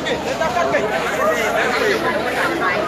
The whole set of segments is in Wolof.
Thank you.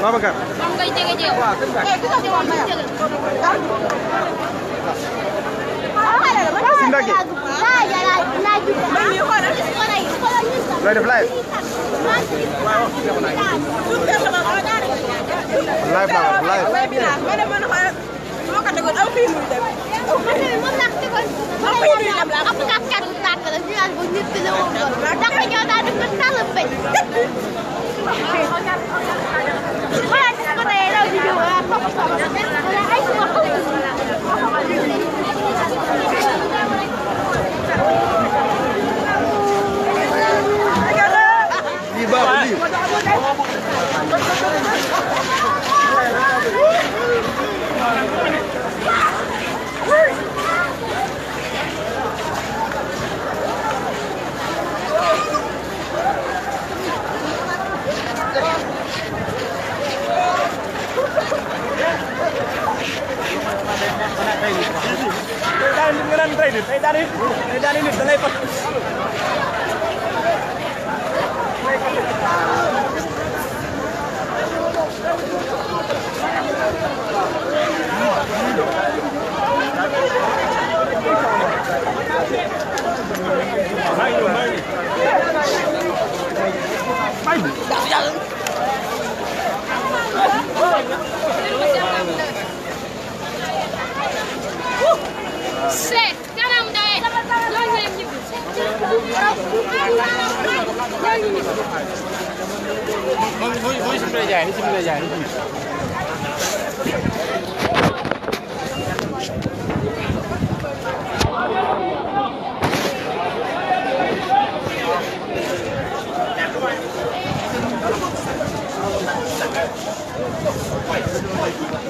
Babacar. moom ngay jege jéem. waaw kër Ndiaye kër Ndiaye moom ngay jege. si ndàkkee. looy def live. live Babacar live. mooy mooy suñu lay jaay li suñu lay jaay Wait, wait, wait.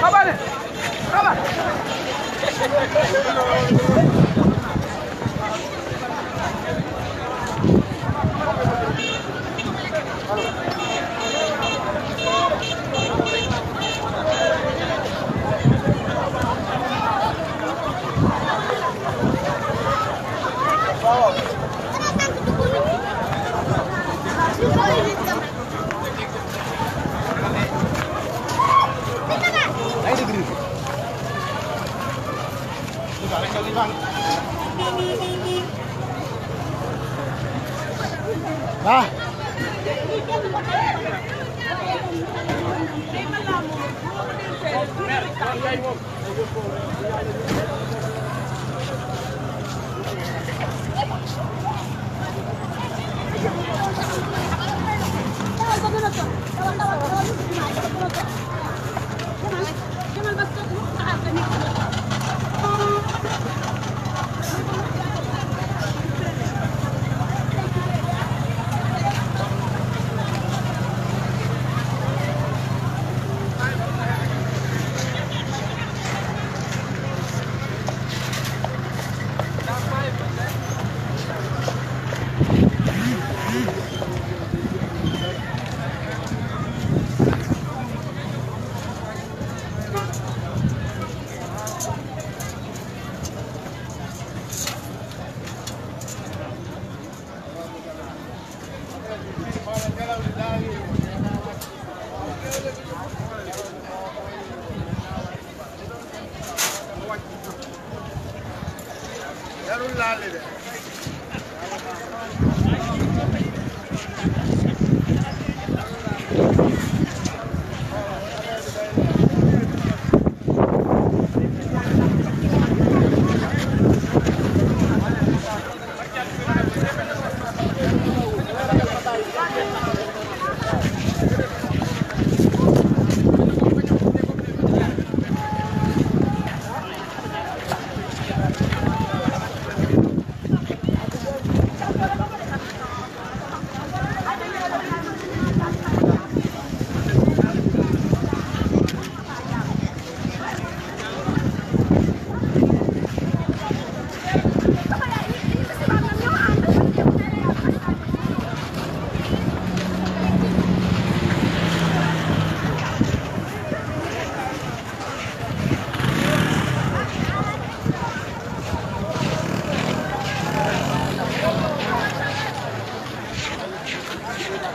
Kabale! Kabale! Thank you. ba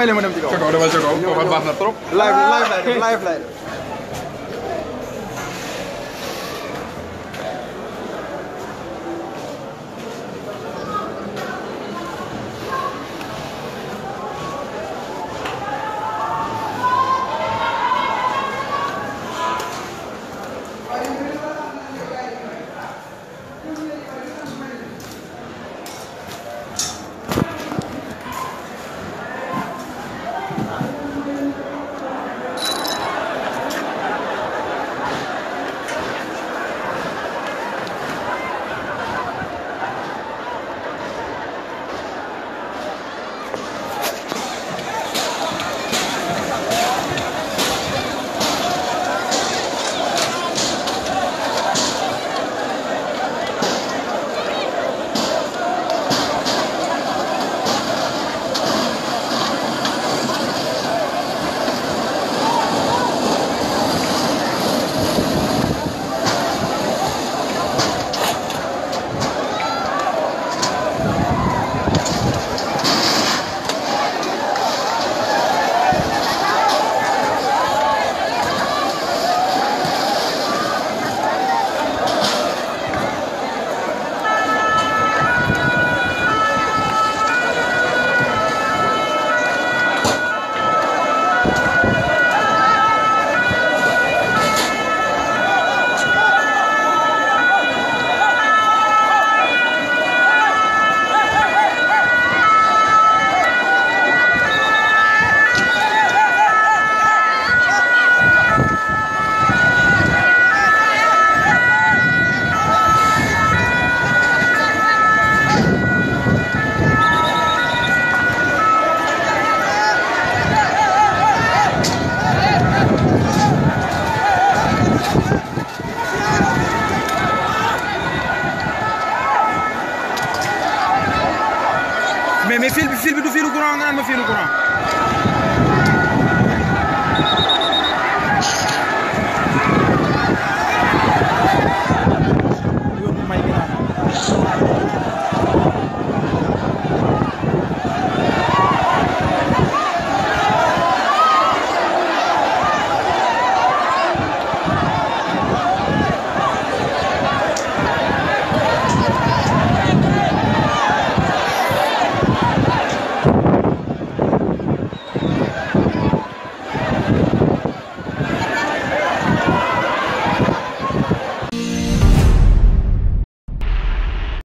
may leen ma dem ci kaw. ca kaw dama ca kaw baax na trop. live live live live.